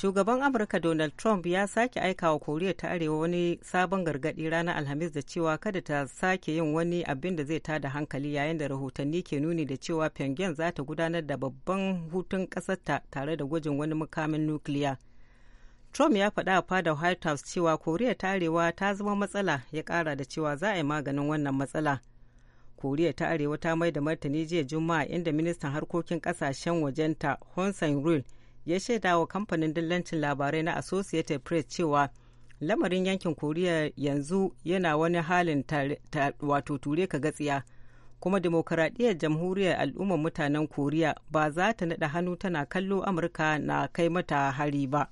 shugaban amurka donald trump ya sake aika wa koriya ta arewa wani sabon gargadi ranar alhamis da cewa kada ta sake yin wani abin da zai tada hankali yayin da rahotanni ke nuni da cewa pyongyang za ta gudanar da babban hutun kasarta tare da gwajin wani mukamin nukiliya trump ya faɗa a fadar white house cewa koriya ta arewa ta zama matsala ya ƙara da cewa za a yi maganin wannan matsala koriya ta arewa ta mai da martani jiya juma'a inda ministan harkokin ƙasashen wajenta hon sang ya shaida wa kamfanin dillancin labarai na associated press cewa lamarin yankin koriya yanzu yana wani halin wato ture ka gatsiya kuma demokaradiyyar jamhuriyar al'ummar mutanen koriya ba za ta naɗa hannu tana kallo amurka na kai mata hari ba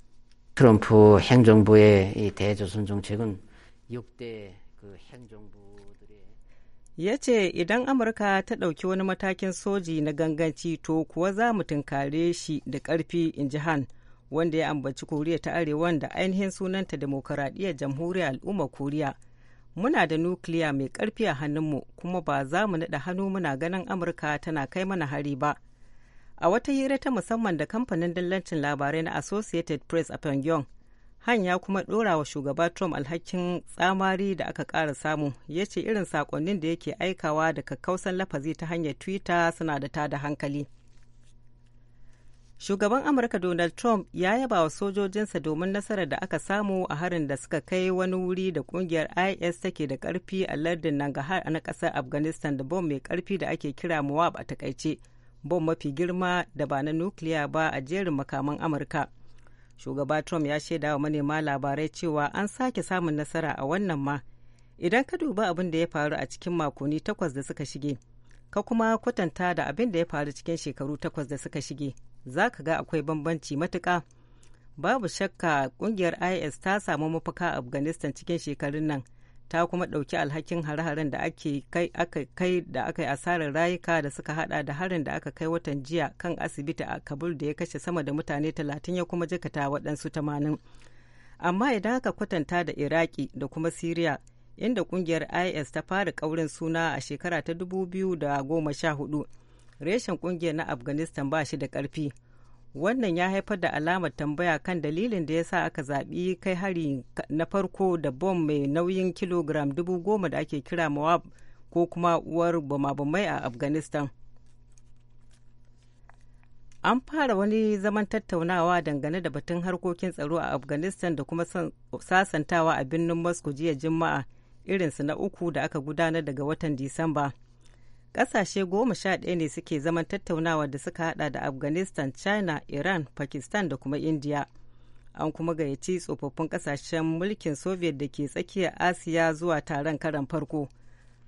ya ce idan amurka ta ɗauki wani matakin soji na ganganci to kuwa za mu tunkare shi da ƙarfi in ji han wanda ya ambaci koriya ta arewa da ainihin sunanta demokaradiyyar jamhuriyar al'ummar koriya muna da nukiliya mai ƙarfi a hannunmu kuma ba za mu naɗa hannu muna ganin amurka tana kai mana hari ba a wata hira ta musamman da kamfanin dillancin labarai na associated press a pyongyang han ya kuma ɗora wa shugaba trump alhakin tsamari da aka ƙara samu ya ce irin sakonnin da yake aikawa da kakkausan lafazi ta hanyar twitter suna da tada hankali shugaban amurka donald trump ya yaba wa sojojinsa domin nasarar da aka samu a harin da suka kai wani wuri da kungiyar is take da karfi a lardin a na kasar afghanistan da bom mai karfi da ake kira muwab a takaice bom mafi girma da ba na nukiliya ba a jerin makaman amurka shugaba trump ya shaida wa manema labarai cewa an sake samun nasara a wannan ma idan ka duba abin da ya faru a cikin makonni takwas da suka shige ka kuma kwatanta da abin da ya faru cikin shekaru takwas da suka shige za ka ga akwai bambanci matuka babu shakka kungiyar is ta samu mafaka a afghanistan cikin shekarun nan ta kuma ɗauki alhakin hare-haren da ake kai aka kai da aka yi asarar rayuka da suka hada da harin da aka kai watan jiya kan asibiti a kabul da ya kashe sama da mutane talatin ya kuma jikata waɗansu tamanin amma idan aka kwatanta da iraki da kuma siriya inda kungiyar is ta fara kaurin suna a shekara ta 2014 reshen kungiyar na afghanistan ba shi da ƙarfi. wannan ya haifar da alamar tambaya kan dalilin da ya sa aka zaɓi kai hari na farko da bom mai nauyin kilogram dubu goma da ake kira mawab ko kuma uwar bama a afghanistan an fara wani zaman tattaunawa dangane da batun harkokin tsaro a afghanistan da kuma sasantawa a birnin moscow jiya juma'a irinsu na uku da aka gudanar daga watan disamba kasashe goma sha ɗaya ne suke zaman tattaunawa da suka hada da Afghanistan, China, Iran, Pakistan da kuma India. An kuma gayyaci tsofaffin ƙasashen mulkin Soviet da ke tsakiyar Asiya zuwa taron karan farko.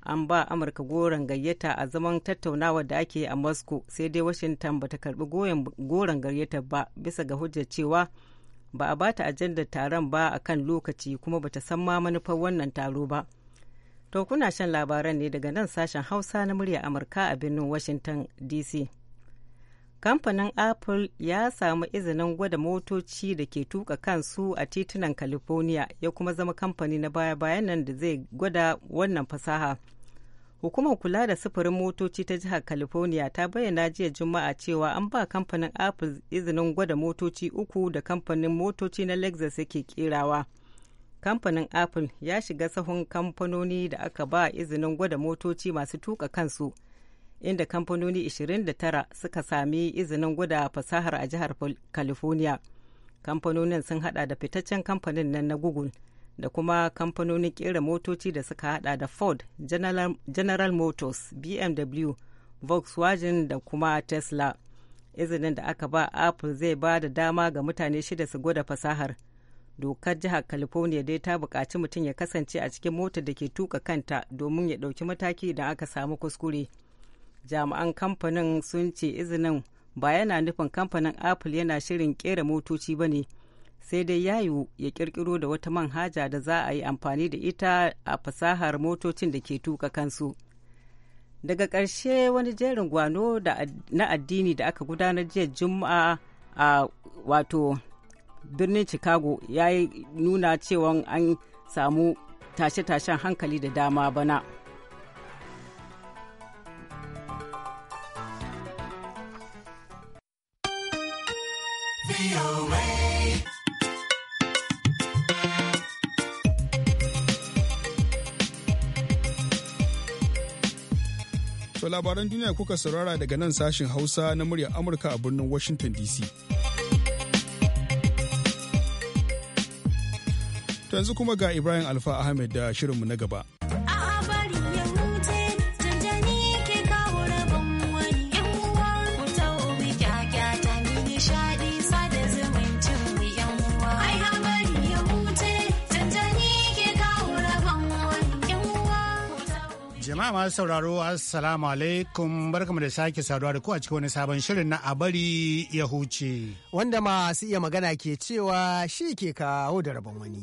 An ba Amurka goron gayyata a zaman tattaunawa da ake a Moscow sai dai Washington bata karbi goron gayyatar ba bisa ga hujjar cewa ba a ba bata ajandar taron ba a kan lokaci kuma ba ta san ma manufar wannan taro ba. To kuna shan labaran ne daga nan sashen Hausa na murya Amurka a birnin Washington DC. Kamfanin Apple ya samu izinin gwada motoci da ke tuka kansu a titunan California ya kuma zama kamfani na baya-bayan nan da zai gwada wannan fasaha. Hukumar kula da sufurin motoci ta jihar California ta bayyana jiya Juma'a cewa an ba kamfanin Apple izinin gwada motoci uku da kamfanin motoci na Lexus yake kerawa. kamfanin apple ya shiga sahun kamfanoni da aka ba izinin gwada motoci masu tuka kansu inda kamfanoni 29 suka sami izinin gwada fasahar a jihar california kamfanonin sun hada da fitaccen kamfanin nan na google da kuma kamfanonin kera motoci da suka hada da ford general, motors bmw volkswagen da kuma tesla izinin da aka ba apple zai ba da dama ga mutane shida su gwada fasahar dokar jihar california dai ta bukaci mutum ya kasance a cikin motar da ke tuka kanta domin ya ɗauki mataki da aka samu kuskure jami'an kamfanin sun ce izinin ba yana nufin kamfanin apple yana shirin kera motoci ba ne sai dai ya yiwu ya kirkiro da wata manhaja da za a yi amfani da ita a fasahar motocin da ke tuka kansu daga ƙarshe wani jerin gwano na addini da aka gudanar jiya juma'a a wato birnin chicago ya yi nuna cewa an samu tashe-tashen hankali da dama bana To labaran duniya kuka saurara daga nan sashin Hausa na muryar Amurka a birnin Washington DC. To yanzu kuma ga Ibrahim Alfa Ahmed da shirinmu na gaba. Jama'a masu sauraro Assalamu alaikum barkamu da sake saduwa da ku a cikin wani sabon shirin na abari ya huce. Wanda masu iya magana ke cewa shi ke kawo da rabon wani.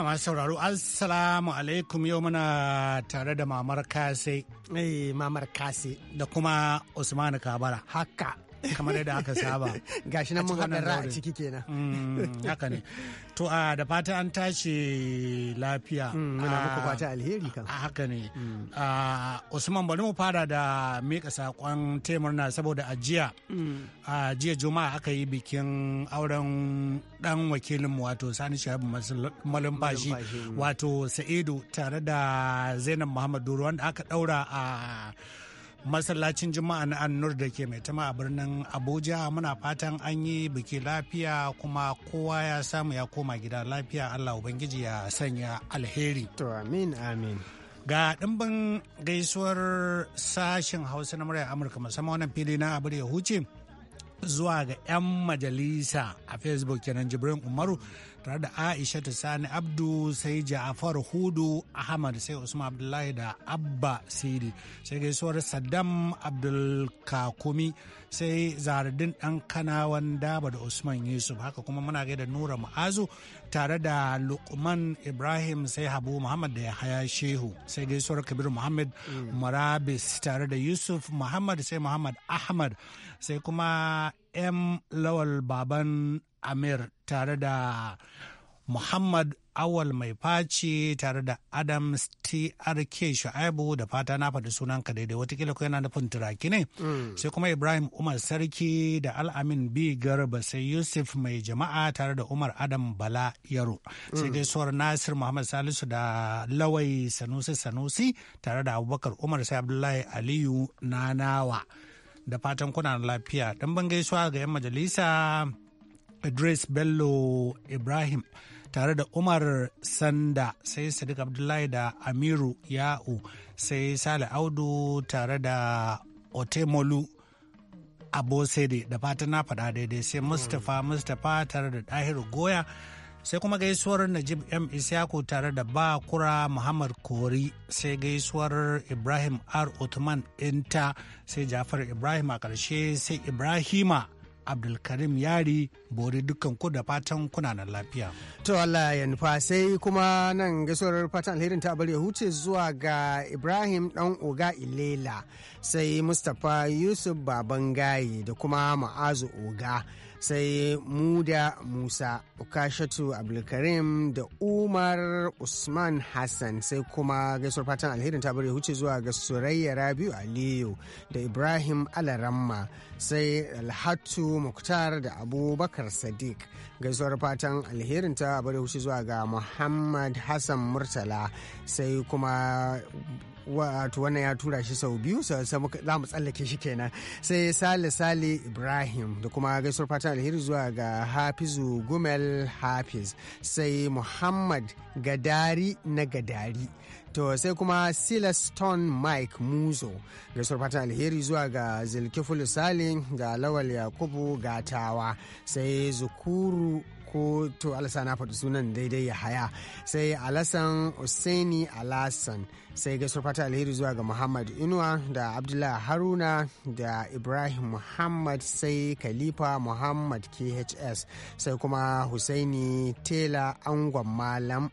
jama'a masu sauraro assalamu alaikum yau muna tare da mamar kase eh, mamar kase da kuma usmanu kabara haka kamar yadda aka saba gashi nan mun haɗa ra a ciki kenan mm, haka ne to a da fata an tashi lafiya mm, muna muku fata alheri kan haka ne mm. Usman bari mu fara da mika sakon taimurna saboda ajiya a jiya juma'a aka yi bikin auren dan wakilin mu wato Sani Shahabu bashi. wato Sa'idu tare da Zainab Muhammad Doro wanda aka daura a masallacin juma'a na annur da ke mai tama a birnin abuja muna fatan an yi biki lafiya kuma kowa ya samu ya koma gida lafiya allah ubangiji ya sanya alheri to amin amin ga ɗimbin gaisuwar sashen hausa na murya amurka musamman wannan fili na abu ya huce zuwa ga 'yan majalisa a facebook kenan jibrin umaru tare da aisha sani abdu sai ja'afar hudu ahmad sai usman abdullahi da abba sidi sai gaisuwar saddam abdulkakumi sai zaradin dan wanda ba da usman yusuf haka kuma muna gaida nura ma'azu, tare da lukman ibrahim sai habu muhammad da yahaya shehu sai gaisuwar kabir muhammad marabis mm. tare da yusuf muhammad sai muhammad ahmad sai kuma m lawal baban amir tare da muhammad awal mai face tare da adams trk shu'aibu da fata na faɗi sunan ka daidai watakila ko yana nufin turaki ne mm. sai kuma ibrahim umar sarki da al'amin b garba sai yusuf mai jama'a tare da umar adam bala yaro sai dai mm. suwar nasir muhammad salisu da lawai sanusi sanusi tare da abubakar umar sai abdullahi aliyu nanawa. da fatan kuna lafiya dan ban gaisuwa ga 'yan majalisa idris bello ibrahim tare da umar sanda sai sadiq abdullahi da amiru ya'u sai sale audu tare da otemolu abosede da fatan na faɗa daidai sai mustapha mustapha tare da ɗahiru goya sai kuma gaisuwar najib m isyaku tare da ba kura muhammad kori sai gaisuwar ibrahim r Othman inta sai jafar ibrahim a ƙarshe sai ibrahima abdulkarim yari bori dukkan ku da fatan kuna nan lafiya to allah ya nufa sai kuma nan gaisuwar fatan alherin ta bari ya huce zuwa ga ibrahim dan oga ilela sai mustapha yusuf babangayi da kuma ma'azu oga sai muda musa ukashatu abdulkarim da umar usman hassan sai kuma gaisuwar fatan alherin ta bari huce zuwa ga surayya rabiu aliyu da ibrahim alaramma sai alhatu muktar da abubakar sadiq gaisuwar fatan alherin ta bari huce zuwa ga muhammad hassan murtala sai kuma wato wannan ya tura shi sau biyu za mu tsallake shi kenan sai sale sale ibrahim da kuma gaisuwar fatan alheri zuwa ga hafizu gumel hafiz sai muhammad gadari na gadari to sai kuma silaston mike muzo gaisuwar fatan alheri zuwa ga zilkifulu salim ga lawal yakubu gatawa sai zukuru ko to alasa na faɗi sunan daidai ya haya sai alasan hussaini alasan sai gaisuwar fata alheri zuwa ga muhammad inuwa da abdullahi haruna da ibrahim muhammad sai khalifa muhammad khs sai kuma hussaini tela angon malam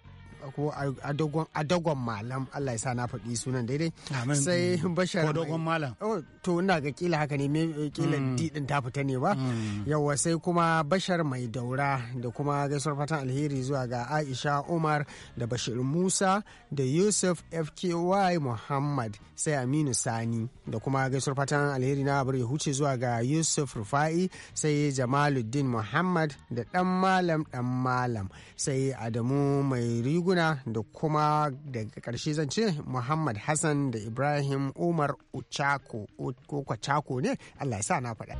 ko a dogon malam Allah ya sa na faɗi sunan daidai sai bashar ko dogon malam oh, to ina ga kila haka ne me eh, kila mm. didin ta fita ne ba mm. yawa sai kuma bashar mai daura da kuma gaisuwar fatan alheri zuwa ga Aisha Umar da Bashir Musa da Yusuf FKY Muhammad sai Aminu Sani da kuma gaisuwar fatan alheri na abar huce zuwa ga Yusuf Rufa'i sai Jamaluddin Muhammad da dan malam dan malam sai Adamu mai riguna Haruna da kuma daga ƙarshe zan ce Muhammad Hassan da Ibrahim Umar Uchako ko Kwachako ne Allah ya sa na faɗa.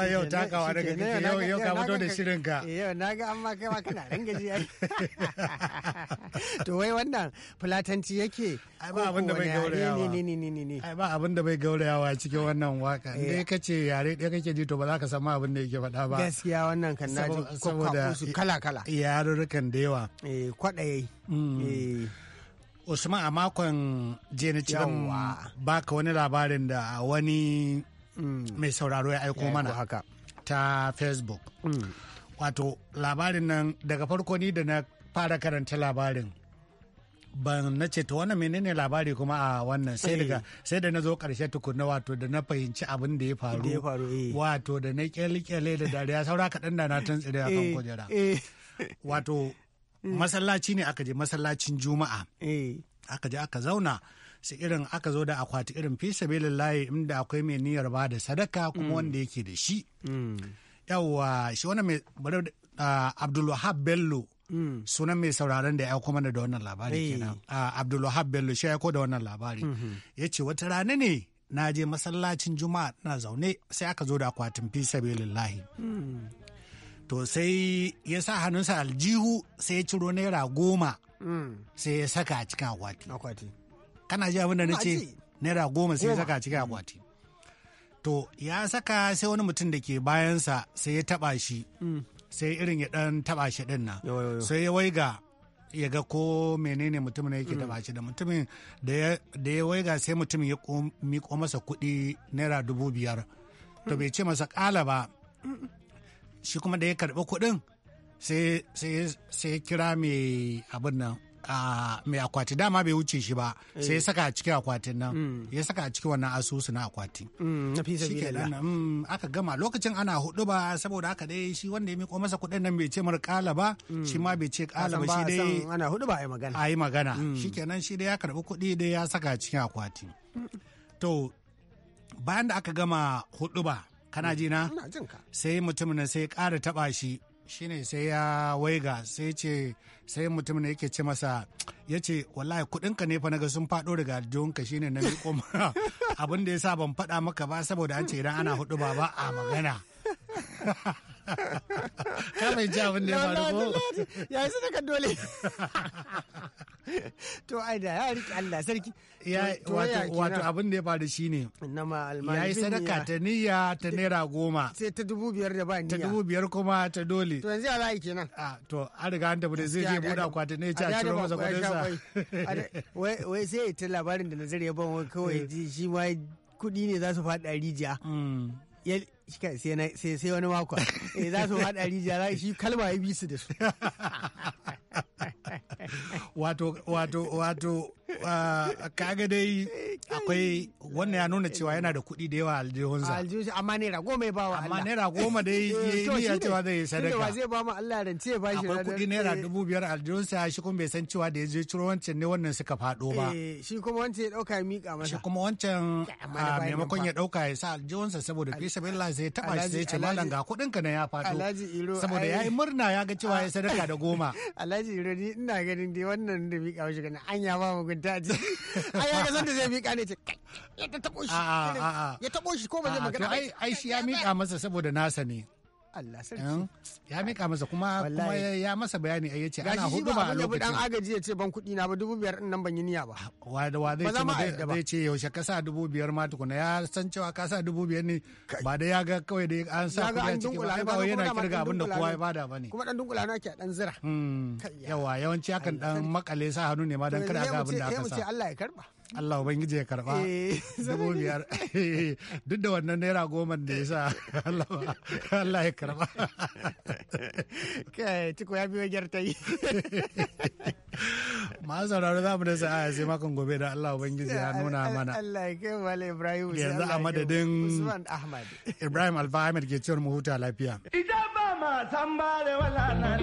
ma yau takawa daga kake yau yau ka fito da shirin ka yau na ga amma kai ma kana ran gaji ai to wai wannan fulatanci yake ai ba abin da bai gaurayawa ne ne ne ne ai ba abin da bai gaurayawa cikin wannan waka ne dai kace yare dai kake ji to ba za ka samu abin da yake faɗa ba gaskiya wannan kan na ji su kala kala yarurukan da yawa eh kwadaye mm. eh Usman a makon jiya na ba baka wani labarin da wani Mm. mai sauraro ya aiko mana haka ta facebook mm. wato labarin nan daga farko ni da na fara karanta labarin ban na ce ta wannan menene labari kuma a wannan sai daga eh. sai da na zo karshe tukunna wato da na fahimci abin da ya faru eh. wato da na kyale-kyale da dariya saura kaɗan da na tantsire a kan eh, kujera wato mm. masallaci ne aka je masallacin juma'a aka je aka zauna su irin aka zo da akwati irin fi sabilillahi inda akwai mai niyyar ba da sadaka kuma mm. wanda yake da shi mm. yawwa shi wani mai abdulwahab bello mm. sunan mai sauraron da ya kuma da wannan labari kenan abdulwahab bello shi ya ko da wannan labari mm-hmm. ya ce wata rana ne na je masallacin juma'a na zaune sai aka zo da akwatin fi sabilillahi to sai ya sa hannunsa aljihu sai ya ciro naira goma sai ya saka a cikin akwati kana ji abin da na ce naira goma sai saka cikin akwati to ya saka sai wani mutum da ke bayansa sai ya taba shi mm. sai irin ya dan taba shi din nan sai ya waiga ya ga ko menene mutumin yake taba mm. shi da mutumin da ya waiga sai mutumin ya miko masa kuɗi naira dubu biyar to bai ce masa kala ba shi kuma da ya karɓi kuɗin sai ya kira mai abin nan mai akwati dama bai wuce shi ba sai ya saka a cikin akwatin nan mm. ya saka a cikin wannan asusu na akwati mm, mm, aka gama lokacin ana hudu ba saboda aka dai shi wanda ya miko masa kuɗin nan bai ce mar kala ba shi ma bai ce kala ba shi dai ana hudu ba a yi magana a yi magana nan shi dai ya karɓi kuɗi dai ya saka a cikin akwati to bayan da aka gama hudu ba kana ji na sai mutum na sai ƙara taba shi shine sai ya waiga sai ce sai mutum ne yake ce masa ya ce wallahi kuɗinka ne fa naga sun faɗo daga aljihunka shine na miƙo mana abin da ya sa ban faɗa maka ba saboda an ce idan ana hudu ba ba a magana ka mai ji abin da ya faru ko ya yi sadaka dole to ai da ya riƙe Allah sarki wato abin da ya faru shine ya yi sadaka ta niyya ta naira goma sai ta dubu biyar da ba niyya ta dubu biyar kuma ta dole to yanzu ya za a yi to an riga an tafi da zai je buɗa akwatin ne ya ci ciro masa kuɗin sa wai sai ya ta labarin da nazari ya ban kawai eh. shi ma kuɗi ne za su faɗa rijiya mm. sai sai wani mako eh, za su haɗa rijiya shi kalma ya bi su da su wato wato wato ah, kaga dai akwai wannan ya nuna cewa yana da kuɗi da yawa aljihunsa aljihunsa amma eh, ne rago mai bawa amma ne rago ma dai ya yi ya cewa zai yi sadaka tunda zai ba mu Allah rance ya bashi akwai kuɗi naira eh. dubu biyar aljihunsa shi kuma bai san cewa da ya je ciro wancan ne wannan suka faɗo ba shi kuma wancan ya ɗauka ya miƙa masa shi kuma wancan ah, maimakon ya ɗauka ya sa aljihunsa saboda fi Allah sai ya taba shi sai ce malam ga kuɗin ka na ya fato saboda ya yi murna ya ga cewa ya ah. sadaka da goma alhaji iro ni ina ganin dai wannan da miƙa mishi gani an ya ba mu gunta ji ai ya ga sanda zai miƙa ne ce ya taɓo shi ya tabo shi ko ba zai magana ai shi ya miƙa masa saboda nasa ne Allah sarki ya mika masa kuma kuma ya masa bayani ai yace ana hudu ba a lokacin dan agaji yace ban kudi na ba dubu biyar din nan ban yi niyya ba ah, wa da wa zai ce zai ce yaushe ka sa dubu biyar ma tukuna ya san cewa ka sa dubu biyar ne ba da ya ga kawai da an sa kudi a ciki ba kawai yana kirga abin da kowa ya bada ba ne. kuma dan dunkula na ke dan zira hmm. yawa yawanci akan dan makale sa hannu ne ma dan kada ga abin da aka sa Allah ya karba Allah Ubangiji ya karba eh, dubu biyar eh, duk da wannan naira goma da ya sa Allah ya karba. Kai, ciko ya biyo gyarta yi. masu sauraro za mu da sa'a sai makon gobe da Allah Ubangiji ya nuna mana. Allah ya kai wale Ibrahim. Yanzu a madadin Ibrahim Alfa Ahmed ke cewar mu huta lafiya. Ita ba ma san ba da wala nan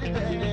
baby.